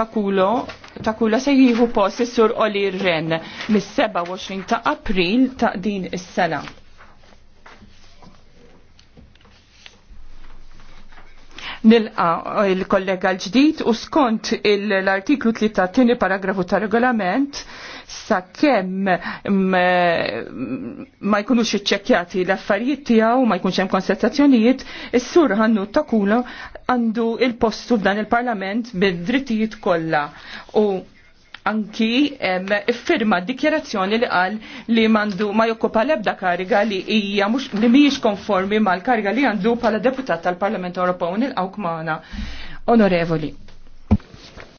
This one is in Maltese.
takulo takula se jieħu post is-sur Oli Ren mis-27 ta' April ta' din is-sena. nilqa il-kollega l-ġdid u skont l-artiklu 3 paragrafu ta' regolament sa' kem mm, eh, ma jkunux iċċekjati l-affarijiet tiegħu ma jkunx hemm konsultazzjonijiet, is-sur ta' kulo għandu il-postu f'dan il-Parlament bid-drittijiet kollha. U anki firma dikjerazzjoni li qal li mandu ma jokkupa lebda kariga li hija mux, li mhijiex konformi mal-kariga li għandu bħala deputat tal-Parlament Ewropew nilqgħu kmana. Onorevoli.